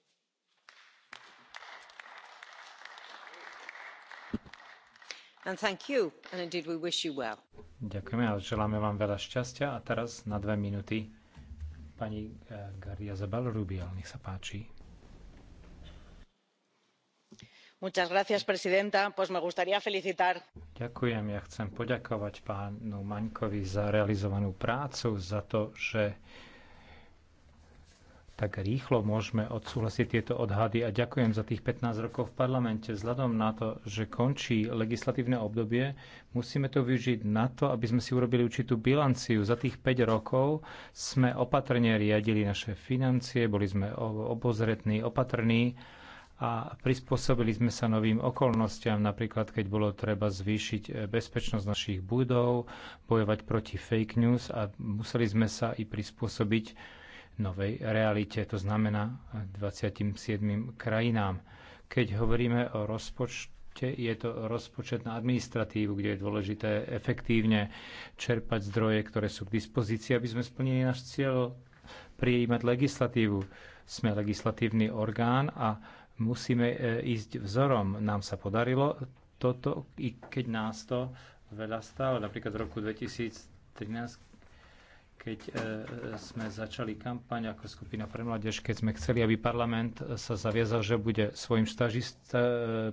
Well. Ďakujeme a želáme vám veľa šťastia. A teraz na dve minúty pani eh, Garia Zabal Rubio, nech sa páči. Muchas Gracias, presidenta. pues me gustaría felicitar. Ďakujem, ja chcem poďakovať pánu Maňkovi za realizovanú prácu, za to, že tak rýchlo môžeme odsúhlasiť tieto odhady a ďakujem za tých 15 rokov v parlamente. Vzhľadom na to, že končí legislatívne obdobie, musíme to využiť na to, aby sme si urobili určitú bilanciu. Za tých 5 rokov sme opatrne riadili naše financie, boli sme obozretní, opatrní a prispôsobili sme sa novým okolnostiam, napríklad keď bolo treba zvýšiť eh, bezpečnosť našich budov, bojovať proti fake news a museli sme sa i prispôsobiť novej realite, to znamená 27 krajinám. Keď hovoríme o rozpočte, je to rozpočet na administratívu, kde je dôležité efektívne čerpať zdroje, ktoré sú k dispozícii, aby sme splnili náš cieľ prijímať legislatívu. Sme legislatívny orgán a musíme e, ísť vzorom. Nám sa podarilo toto, i keď nás to veľa stalo Napríklad v roku 2013 keď e, e, sme začali kampaň ako skupina pre mládež, keď sme chceli, aby parlament e, sa zaviazal, že bude svojim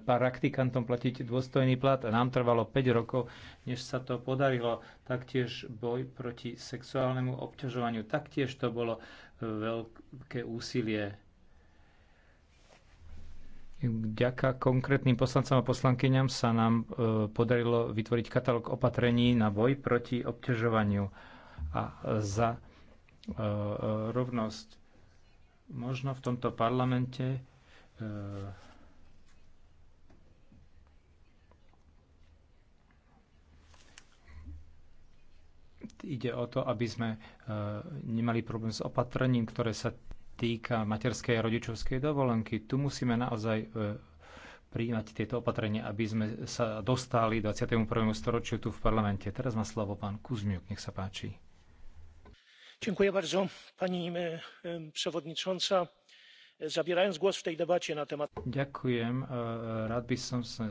praktikantom platiť dôstojný plat a nám trvalo 5 rokov, než sa to podarilo. Taktiež boj proti sexuálnemu obťažovaniu, taktiež to bolo veľké úsilie. Ďaká konkrétnym poslancom a poslankyňam sa nám podarilo vytvoriť katalóg opatrení na boj proti obťažovaniu a e, za e, e, rovnosť. Možno v tomto parlamente ide o to, aby sme nemali problém s opatrením, ktoré sa týka materskej a rodičovskej dovolenky. Tu musíme naozaj prijímať tieto opatrenia, aby sme sa dostali 21. storočiu tu v parlamente. Teraz má slovo pán Kuzmiuk, nech sa páči pani e, e, przewodnicząca! zabierając głos w tej debacie na temat. ďakujem e, rád by som sa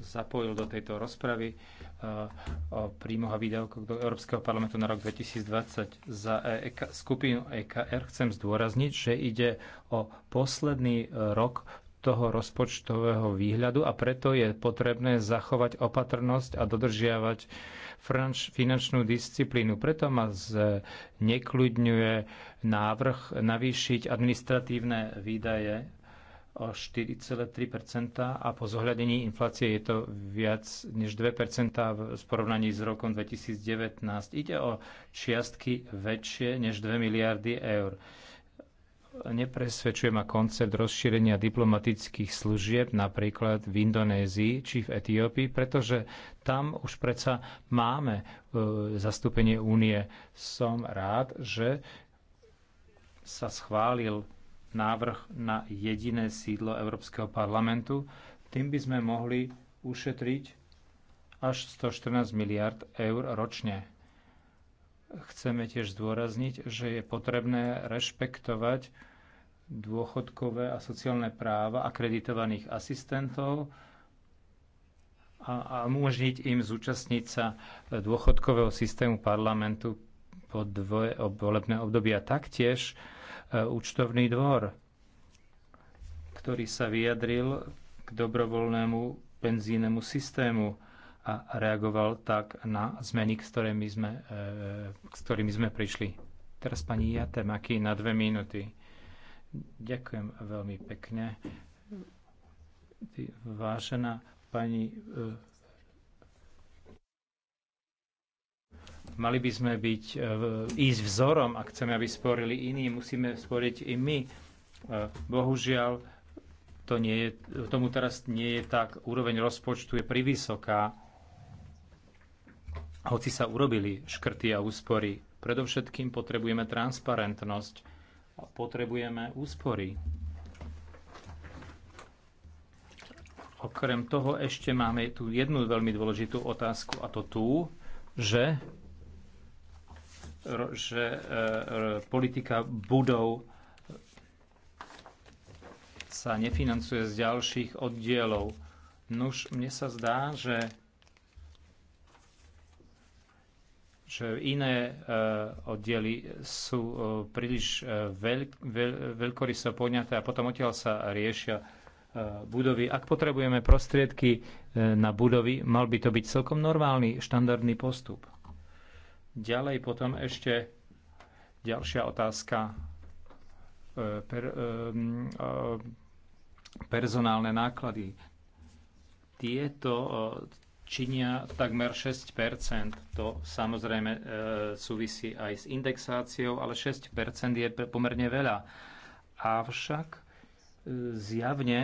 zapojil do tejto rozpravy o príjmoch a výdavkoch do Európskeho parlamentu na rok 2020 za skupinu EKR. Chcem zdôrazniť, že ide o posledný rok toho rozpočtového výhľadu a preto je potrebné zachovať opatrnosť a dodržiavať finančnú disciplínu. Preto ma znekľudňuje návrh navýšiť administratívne výdaje o 4,3 a po zohľadení inflácie je to viac než 2 v porovnaní s rokom 2019. Ide o čiastky väčšie než 2 miliardy eur nepresvedčuje ma koncept rozšírenia diplomatických služieb napríklad v Indonézii či v Etiópii, pretože tam už predsa máme e, zastúpenie únie. Som rád, že sa schválil návrh na jediné sídlo Európskeho parlamentu. Tým by sme mohli ušetriť až 114 miliard eur ročne chceme tiež zdôrazniť, že je potrebné rešpektovať dôchodkové a sociálne práva akreditovaných asistentov a, a umožniť im zúčastniť sa dôchodkového systému parlamentu po dvoje volebné obdobia. Taktiež e, účtovný dvor, ktorý sa vyjadril k dobrovoľnému penzínemu systému a reagoval tak na zmeny, s ktorými sme, e, e, s ktorými sme prišli. Teraz pani Jate na dve minúty. Ďakujem veľmi pekne. Vážená pani, eh, mali by sme byť, eh, ísť vzorom, ak chceme, aby sporili iní, musíme sporiť i my. Eh, bohužiaľ, to nie je, tomu teraz nie je tak. Úroveň rozpočtu je privysoká, hoci sa urobili škrty a úspory. Predovšetkým potrebujeme transparentnosť potrebujeme úspory. Okrem toho ešte máme tu jednu veľmi dôležitú otázku a to tú, že, že e, e, politika budov sa nefinancuje z ďalších oddielov. Nuž, mne sa zdá, že že iné eh, oddiely sú eh, príliš eh, veľk, veľ, veľkoryso poňaté a potom odtiaľ sa riešia budovy. Ak potrebujeme prostriedky na budovy, mal by to byť celkom normálny, štandardný postup. Ďalej potom ešte ďalšia otázka. Per, mm, personálne náklady. Tieto činia takmer 6 To samozrejme e, súvisí aj s indexáciou, ale 6 je pomerne veľa. Avšak e, zjavne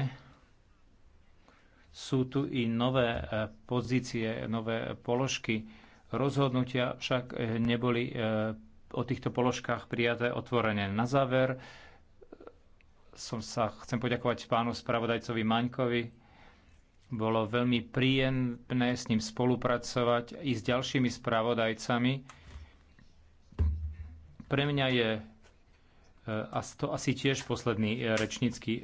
sú tu i nové e, pozície, nové položky. Rozhodnutia však e, neboli e, o týchto položkách prijaté otvorene. Na záver som sa chcem poďakovať pánu spravodajcovi Maňkovi, bolo veľmi príjemné s ním spolupracovať i s ďalšími spravodajcami. Pre mňa je e, a to asi tiež posledný e, rečnícky e,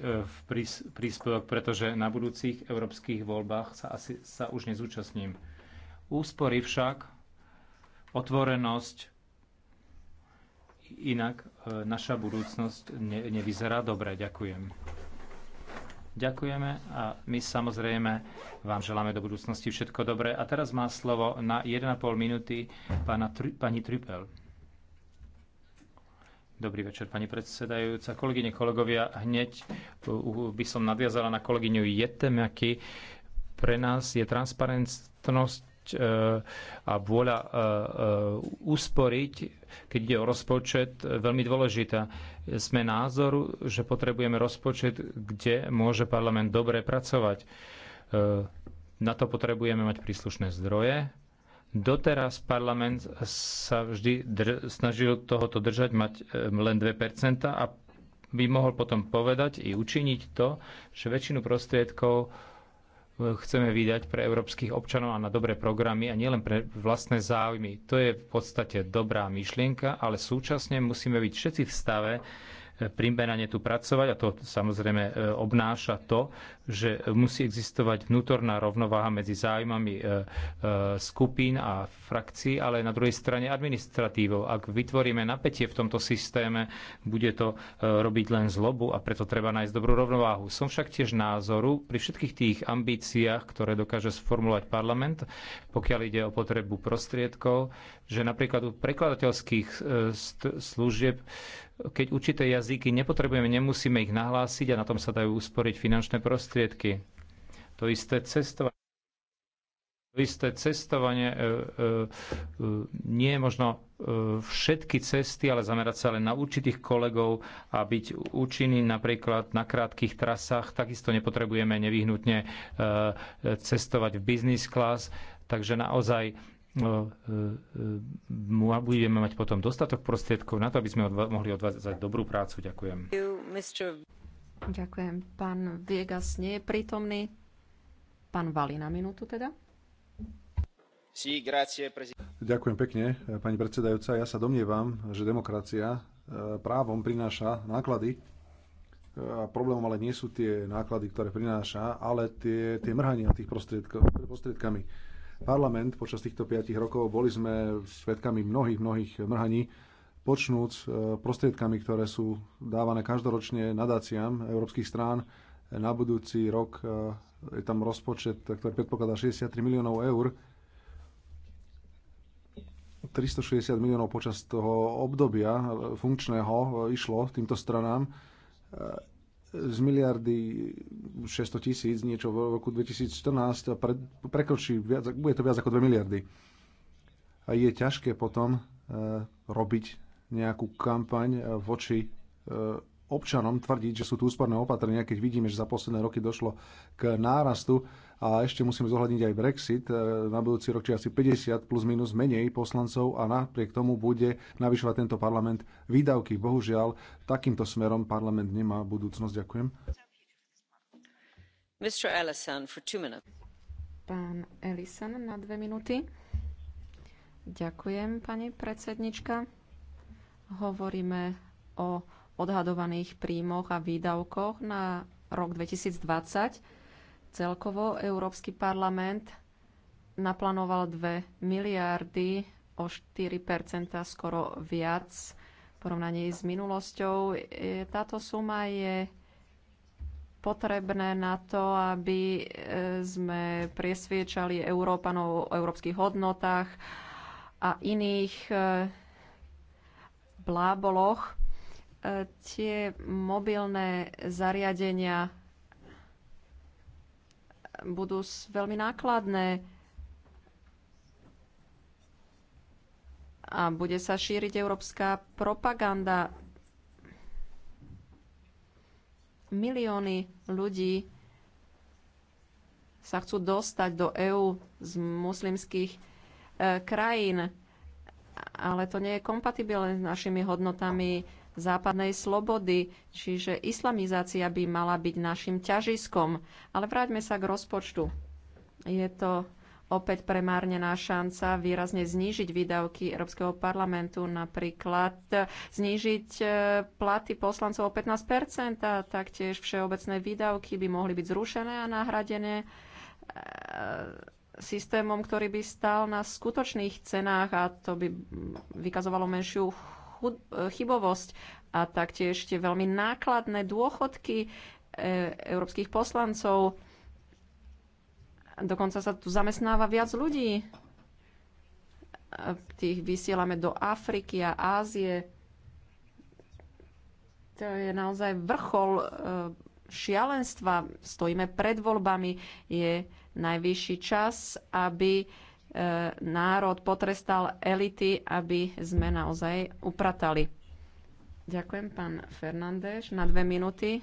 príspevok, pretože na budúcich európskych voľbách sa, asi, sa už nezúčastním. Úspory však, otvorenosť, inak naša budúcnosť ne, nevyzerá dobre. Ďakujem. Ďakujeme a my samozrejme vám želáme do budúcnosti všetko dobré. A teraz má slovo na 1,5 minúty pána, pani Trüppel. Dobrý večer, pani predsedajúca. Kolegyne, kolegovia, hneď by som nadviazala na kolegyňu Jetemaky. Pre nás je transparentnosť E, a vôľa e, e, usporiť, keď ide o rozpočet, veľmi dôležitá. Sme názoru, že potrebujeme rozpočet, kde môže parlament dobre pracovať. Na to potrebujeme mať príslušné zdroje. Doteraz parlament sa vždy snažil tohoto držať, mať len 2% a by mohol potom povedať i učiniť to, že väčšinu prostriedkov chceme vydať pre európskych občanov a na dobré programy a nielen pre vlastné záujmy. To je v podstate dobrá myšlienka, ale súčasne musíme byť všetci v stave, primerane tu pracovať a to samozrejme e, obnáša to, že musí existovať vnútorná rovnováha medzi zájmami e, e, skupín a frakcií, ale na druhej strane administratívou. Ak vytvoríme napätie v tomto systéme, bude to robiť len zlobu a preto treba nájsť dobrú rovnováhu. Som však tiež názoru, pri všetkých tých ambíciách, ktoré dokáže sformulovať parlament, pokiaľ ide o potrebu prostriedkov, že napríklad u prekladateľských služieb keď určité jazyky nepotrebujeme, nemusíme ich nahlásiť a na tom sa dajú usporiť finančné prostriedky. To isté cestovanie isté cestovanie, e, e, e, nie je možno všetky cesty, ale zamerať sa len na určitých kolegov a byť účinný napríklad na krátkých trasách. Takisto nepotrebujeme nevyhnutne cestovať v business class, takže naozaj No, e, e, budeme mať potom dostatok prostriedkov na to, aby sme odva- mohli odvádzať dobrú prácu. Ďakujem. Ďakujem. Pán Viegas nie je prítomný. Pán Vali na minútu teda. Sí, grazie, Ďakujem pekne, pani predsedajúca. Ja sa domnievam, že demokracia e, právom prináša náklady. A problémom ale nie sú tie náklady, ktoré prináša, ale tie, tie mrhania tých prostriedkami parlament počas týchto 5 rokov. Boli sme svetkami mnohých, mnohých mrhaní, počnúc e, prostriedkami, ktoré sú dávané každoročne nadáciám európskych strán. Na budúci rok e, je tam rozpočet, ktorý predpokladá 63 miliónov eur. 360 miliónov počas toho obdobia e, funkčného išlo týmto stranám z miliardy 600 tisíc niečo v roku 2014 pre, prekročí, viac, bude to viac ako 2 miliardy. A je ťažké potom e, robiť nejakú kampaň voči e, občanom, tvrdiť, že sú tu úsporné opatrenia, keď vidíme, že za posledné roky došlo k nárastu a ešte musíme zohľadniť aj Brexit. E, na budúci rok či asi 50 plus minus menej poslancov a napriek tomu bude navyšovať tento parlament výdavky. Bohužiaľ, takýmto smerom parlament nemá budúcnosť. Ďakujem. Mr. Ellison, for two minutes. Pán Ellison na dve minúty. Ďakujem, pani predsednička. Hovoríme o odhadovaných príjmoch a výdavkoch na rok 2020 Celkovo Európsky parlament naplánoval 2 miliardy o 4 skoro viac v porovnaní s minulosťou. E, táto suma je potrebné na to, aby e, sme presviečali Európanov o európskych hodnotách a iných e, bláboloch. Tie mobilné zariadenia budú veľmi nákladné a bude sa šíriť európska propaganda. Milióny ľudí sa chcú dostať do EÚ z muslimských e, krajín, ale to nie je kompatibilné s našimi hodnotami západnej slobody, čiže islamizácia by mala byť našim ťažiskom. Ale vráťme sa k rozpočtu. Je to opäť premárnená šanca výrazne znížiť výdavky Európskeho parlamentu, napríklad znížiť e, platy poslancov o 15 a taktiež všeobecné výdavky by mohli byť zrušené a nahradené e, systémom, ktorý by stal na skutočných cenách a to by vykazovalo menšiu chud- e, chybovosť a taktiež tie veľmi nákladné dôchodky e, európskych poslancov. Dokonca sa tu zamestnáva viac ľudí. E, tých vysielame do Afriky a Ázie. To je naozaj vrchol e, šialenstva. Stojíme pred voľbami. Je najvyšší čas, aby E, národ, potrestal elity, aby sme naozaj upratali. Ďakujem, pán Fernández, na dve minúty.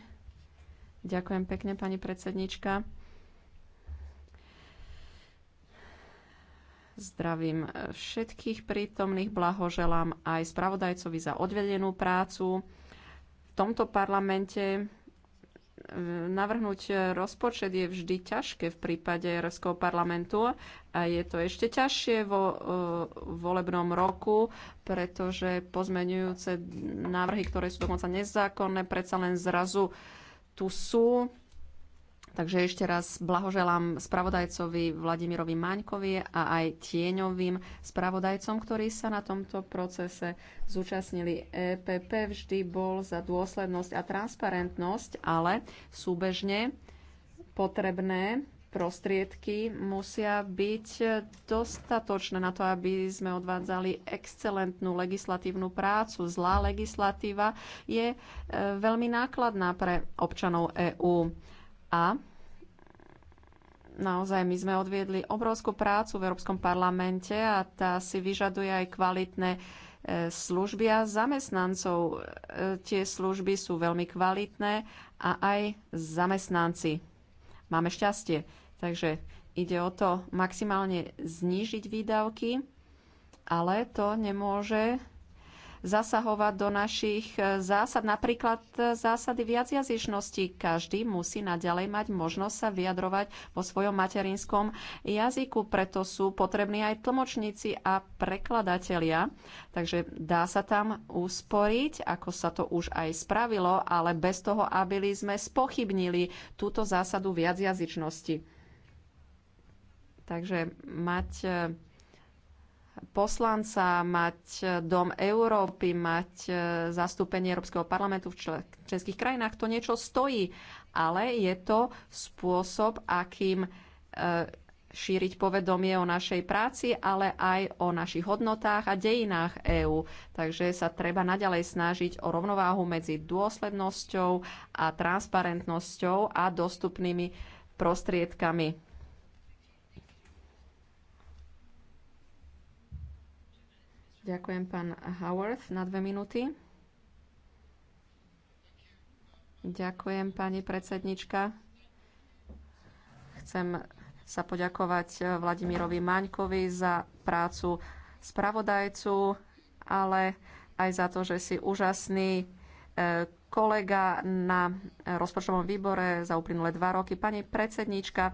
Ďakujem pekne, pani predsednička. Zdravím všetkých prítomných, blahoželám aj spravodajcovi za odvedenú prácu. V tomto parlamente navrhnúť rozpočet je vždy ťažké v prípade Európskeho parlamentu a je to ešte ťažšie vo eh, volebnom roku, pretože pozmenujúce návrhy, ktoré sú dokonca nezákonné, predsa len zrazu tu sú Takže ešte raz blahoželám spravodajcovi Vladimirovi Maňkovi a aj tieňovým spravodajcom, ktorí sa na tomto procese zúčastnili. EPP vždy bol za dôslednosť a transparentnosť, ale súbežne potrebné prostriedky musia byť dostatočné na to, aby sme odvádzali excelentnú legislatívnu prácu. Zlá legislatíva je e, veľmi nákladná pre občanov EÚ. A naozaj my sme odviedli obrovskú prácu v Európskom parlamente a tá si vyžaduje aj kvalitné e, služby a zamestnancov. E, tie služby sú veľmi kvalitné a aj zamestnanci. Máme šťastie. Takže ide o to maximálne znížiť výdavky, ale to nemôže zasahovať do našich e, zásad, napríklad e, zásady viacjazyčnosti. Každý musí naďalej mať možnosť sa vyjadrovať vo svojom materinskom jazyku, preto sú potrební aj tlmočníci a prekladatelia. Takže dá sa tam usporiť, ako sa to už aj spravilo, ale bez toho, aby sme spochybnili túto zásadu viacjazyčnosti. Takže mať e, poslanca, mať Dom Európy, mať e, zastúpenie Európskeho parlamentu v členských krajinách, to niečo stojí. Ale je to spôsob, akým e, šíriť povedomie o našej práci, ale aj o našich hodnotách a dejinách EÚ. Takže sa treba naďalej snažiť o rovnováhu medzi dôslednosťou a transparentnosťou a dostupnými prostriedkami. Ďakujem pán Howard na dve minúty. Ďakujem pani predsednička. Chcem sa poďakovať eh, Vladimirovi Maňkovi za prácu spravodajcu, ale aj za to, že si úžasný eh, kolega na rozpočtovom výbore za uplynulé dva roky. Pani predsednička, eh,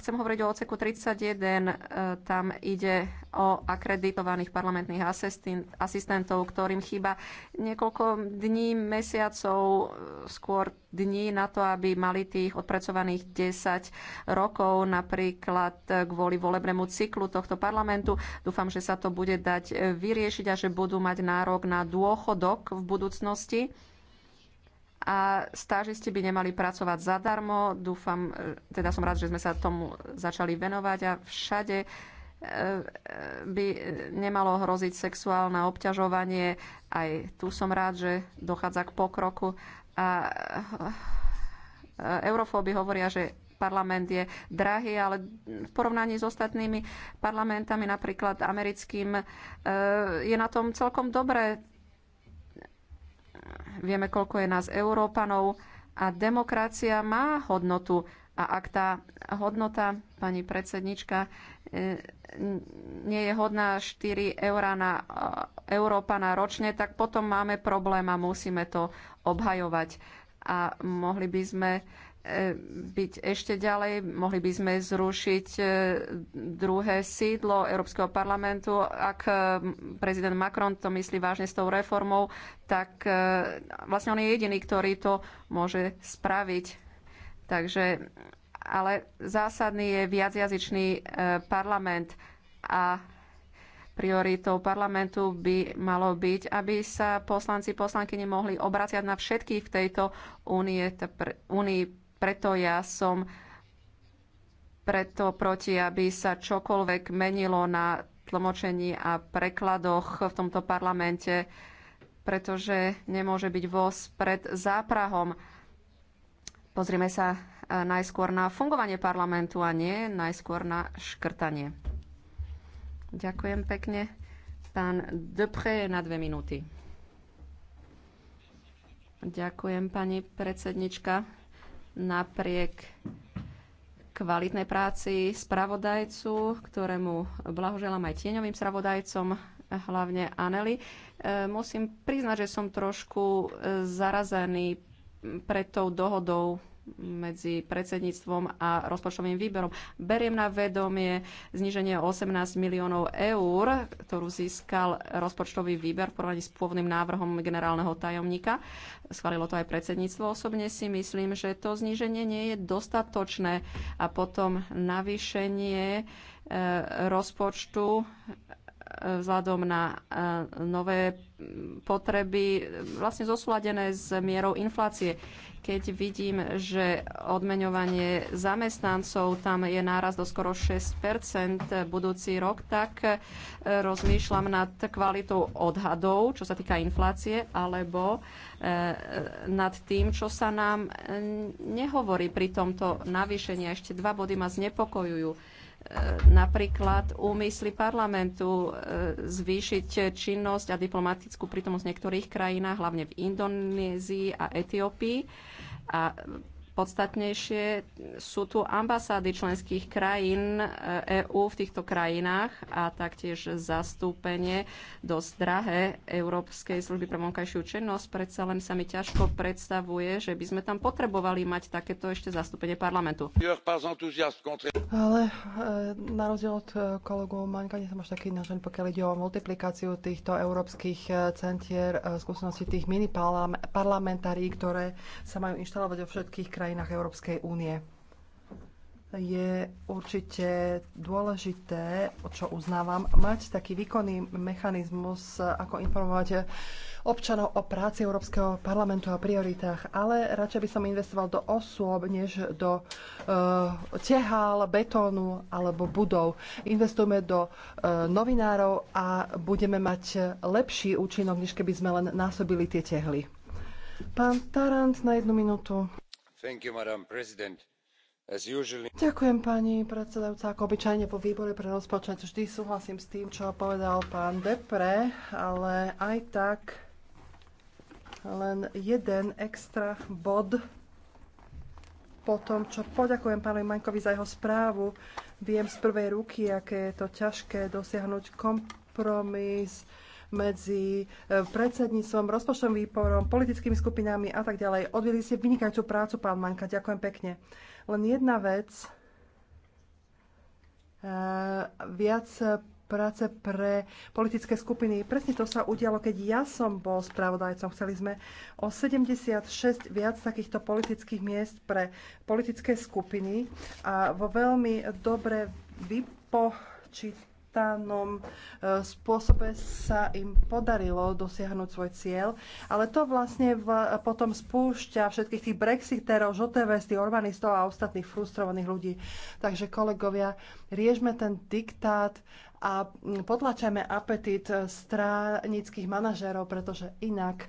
chcem hovoriť o oceku 31. E, tam ide o akreditovaných parlamentných asistentov, ktorým chýba niekoľko dní, mesiacov, e, skôr dní na to, aby mali tých odpracovaných 10 rokov, napríklad e, kvôli volebnému cyklu tohto parlamentu. Dúfam, že sa to bude dať vyriešiť a že budú mať nárok na dôchodok v budúcnosti a stážisti by nemali pracovať zadarmo. Dúfam, e, teda som rád, že sme sa tomu začali venovať a všade e, e, by nemalo hroziť sexuálne obťažovanie. Aj tu som rád, že dochádza k pokroku. A eurofóby hovoria, že parlament je drahý, ale v porovnaní s ostatnými parlamentami, napríklad americkým, je na tom celkom dobre Vieme, koľko je nás Európanov a demokracia má hodnotu. A ak tá hodnota, pani predsednička, e, nie je hodná 4 eurá na e, Európana ročne, tak potom máme problém a musíme to obhajovať. A mohli by sme byť ešte ďalej. Mohli by sme zrušiť e, druhé sídlo Európskeho parlamentu. Ak e, prezident Macron to myslí vážne s tou reformou, tak e, vlastne on je jediný, ktorý to môže spraviť. Takže, ale zásadný je viacjazyčný parlament a prioritou parlamentu by malo byť, aby sa poslanci, poslanky nemohli obraciať na všetkých v tejto únie, únii preto ja som preto proti, aby sa čokoľvek menilo na tlmočení a prekladoch v tomto parlamente, pretože nemôže byť voz pred záprahom. Pozrime sa eh, najskôr na fungovanie parlamentu a nie najskôr na škrtanie. Ďakujem pekne. Pán Depré na dve minúty. Ďakujem, pani predsednička napriek kvalitnej práci spravodajcu, ktorému blahoželám aj tieňovým spravodajcom, hlavne Anely. E, musím priznať, že som trošku zarazený pred tou dohodou medzi predsedníctvom a rozpočtovým výberom. Beriem na vedomie zniženie 18 miliónov eur, ktorú získal rozpočtový výber v porovnaní s pôvodným návrhom generálneho tajomníka. Schválilo to aj predsedníctvo. Osobne si myslím, že to zníženie nie je dostatočné a potom navýšenie e, rozpočtu e, vzhľadom na e, nové potreby vlastne zosúladené s mierou inflácie keď vidím, že odmeňovanie zamestnancov tam je náraz do skoro 6 budúci rok, tak e, rozmýšľam nad kvalitou odhadov, čo sa týka inflácie, alebo e, e, nad tým, čo sa nám nehovorí pri tomto navýšení. Ešte dva body ma znepokojujú napríklad úmysly parlamentu e, zvýšiť činnosť a diplomatickú prítomnosť v niektorých krajinách, hlavne v Indonézii a Etiópii. A Podstatnejšie sú tu ambasády členských krajín EÚ eh, e v týchto krajinách a taktiež zastúpenie dosť drahé Európskej služby pre vonkajšiu činnosť. Predsa len sa mi ťažko predstavuje, že by sme tam potrebovali mať takéto ešte zastúpenie parlamentu. Ale eh, na rozdiel od eh, kolegov Maňka, nie som až taký nažený, pokiaľ ide o multiplikáciu týchto európskych centier, skúsenosti tých mini parlamentárií, ktoré sa majú inštalovať vo všetkých krajinách krajinách Európskej únie. Je určite dôležité, čo uznávam, mať taký výkonný mechanizmus, ako informovať občanov o práci Európskeho parlamentu a prioritách, ale radšej by som investoval do osôb, než do uh, eh, tehál, betónu alebo budov. Investujme do uh, novinárov a budeme mať lepší účinok, než keby sme len násobili tie tehly. Pán Tarant na jednu minútu. Ďakujem pani predsedajúca. Ako obyčajne po výbore pre rozpočet vždy súhlasím s tým, čo povedal pán Depre, ale aj tak len jeden extra bod po tom, čo poďakujem pánovi Maňkovi za jeho správu. Viem z prvej ruky, aké je to ťažké dosiahnuť kompromis medzi e, predsedníctvom, rozpočtovým výborom, politickými skupinami a tak ďalej. Odvedli ste vynikajúcu prácu, pán Manka. Ďakujem pekne. Len jedna vec. E, viac práce pre politické skupiny. Presne to sa udialo, keď ja som bol spravodajcom. Chceli sme o 76 viac takýchto politických miest pre politické skupiny a vo veľmi dobre vypočítaných spontánnom e, spôsobe sa im podarilo dosiahnuť svoj cieľ. Ale to vlastne v, potom spúšťa všetkých tých brexiterov, vesty, urbanistov a ostatných frustrovaných ľudí. Takže kolegovia, riešme ten diktát a potlačajme apetít stránických manažérov, pretože inak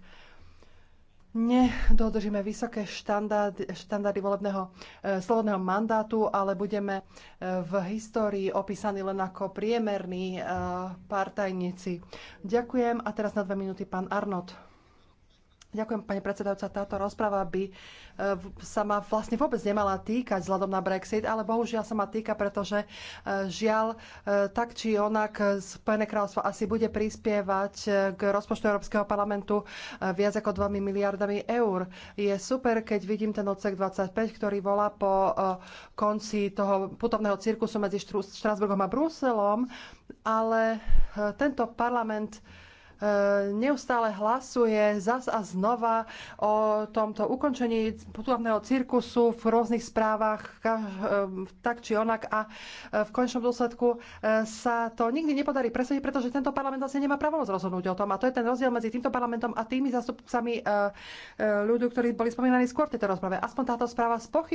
nedodržíme vysoké štandardy, štandardy volebného e, slobodného mandátu, ale budeme e, v histórii opísaní len ako priemerní e, partajníci. Ďakujem a teraz na dve minúty pán Arnott. Ďakujem, pani predsedajúca. Táto rozpráva by e, sa ma vlastne vôbec nemala týkať vzhľadom na Brexit, ale bohužiaľ sa ma týka, pretože e, žiaľ, e, tak či onak Spojené kráľovstvo asi bude prispievať k rozpočtu Európskeho parlamentu viac ako 2 miliardami eur. Je super, keď vidím ten odsek 25, ktorý volá po konci toho putovného cirkusu medzi Štrasburgom a Bruselom, ale tento parlament E, neustále hlasuje zas a znova o tomto ukončení putovného cirkusu v rôznych správach e, tak či onak a e, v končnom dôsledku sa to nikdy nepodarí presadiť, pretože tento parlament vlastne nemá právo rozhodnúť o tom. A to je ten rozdiel medzi týmto parlamentom a tými zastupcami ľudí, ktorí boli spomínaní skôr v tejto rozprave. Aspoň táto správa spochybňuje